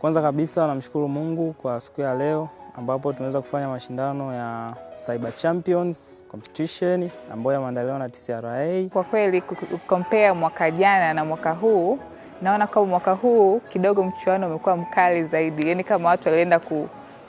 Kwanza kabisa namshukuru Mungu kwa siku ya leo ambapo tumeweza kufanya mashindano ya Cyber Champions Competition ambayo yameandaliwa na TCRA. Kwa kweli kukompea mwaka jana na mwaka huu, naona kama mwaka huu kidogo mchuano umekuwa mkali zaidi, yaani kama watu walienda ku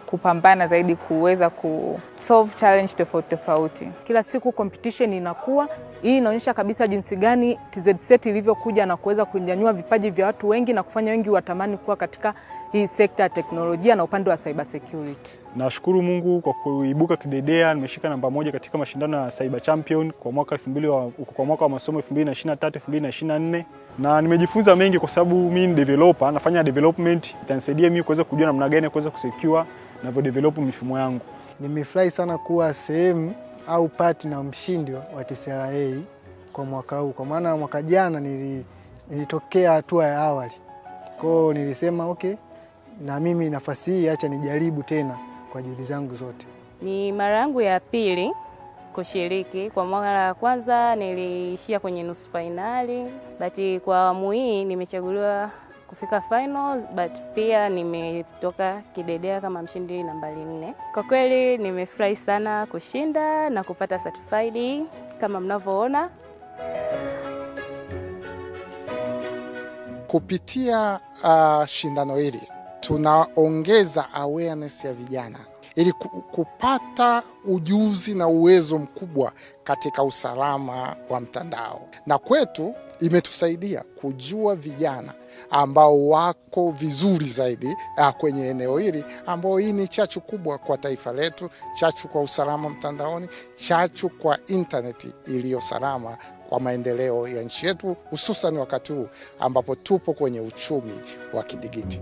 kupambana zaidi kuweza ku solve challenge tofauti tofauti. Kila siku competition inakuwa. Hii inaonyesha kabisa jinsi gani TZSET ilivyokuja na kuweza kunyanyua vipaji vya watu wengi na kufanya wengi watamani kuwa katika hii sekta ya teknolojia na upande wa cyber security. Nashukuru Mungu kwa kuibuka kidedea, nimeshika namba moja katika mashindano ya Cyber Champion kwa mwaka 2000 wa, kwa mwaka wa masomo 2023 2024 na nimejifunza mengi kwa sababu mimi ni developer, nafanya development, itanisaidia mimi kuweza kujua namna gani kuweza kusecure navyodevelop mifumo yangu. Nimefurahi sana kuwa sehemu au pati na mshindi wa TCRA kwa mwaka huu, kwa maana mwaka jana nilitokea hatua ya awali kwao, nilisema okay, na mimi nafasi hii acha nijaribu tena kwa juhudi zangu zote. Ni mara yangu ya pili kushiriki. Kwa mara ya kwanza niliishia kwenye nusu fainali, bati kwa awamu hii nimechaguliwa kufika finals, but pia nimetoka kidedea kama mshindi nambari nne. Kwa kweli nimefurahi sana kushinda na kupata certified kama mnavyoona kupitia uh, shindano hili tunaongeza awareness ya vijana ili kupata ujuzi na uwezo mkubwa katika usalama wa mtandao. Na kwetu imetusaidia kujua vijana ambao wako vizuri zaidi ah, kwenye eneo hili, ambao hii ni chachu kubwa kwa taifa letu, chachu kwa usalama mtandaoni, chachu kwa intaneti iliyo salama kwa maendeleo ya nchi yetu, hususan wakati huu ambapo tupo kwenye uchumi wa kidigiti.